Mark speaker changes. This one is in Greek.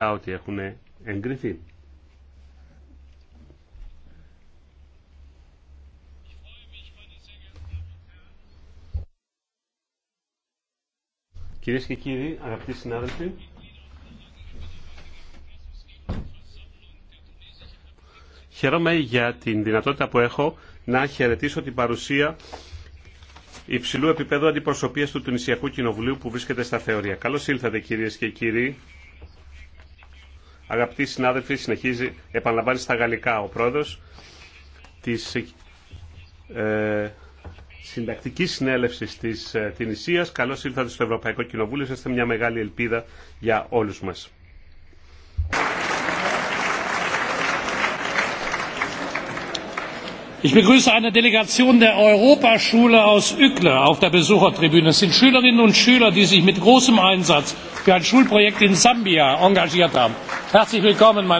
Speaker 1: ότι έχουν εγκριθεί.
Speaker 2: Κυρίε και κύριοι, αγαπητοί συνάδελφοι, χαίρομαι για την δυνατότητα που έχω να χαιρετήσω την παρουσία υψηλού επίπεδου αντιπροσωπείας του Τουνησιακού Κοινοβουλίου που βρίσκεται στα θεωρία. Καλώς ήλθατε κυρίες και κύριοι. Αγαπητοί συνάδελφοι, συνεχίζει, επαναλαμβάνει στα γαλλικά ο πρόεδρος της ε, συντακτικής συνέλευση της ε, Καλώς ήρθατε στο Ευρωπαϊκό Κοινοβούλιο, είστε μια μεγάλη ελπίδα για όλου μα.
Speaker 3: Ich begrüße eine Delegation der Europaschule aus Ückle auf der Besuchertribüne. Es sind Schülerinnen und Schüler, die sich mit großem Einsatz für ein Schulprojekt in Sambia engagiert
Speaker 4: haben. Herzlich willkommen,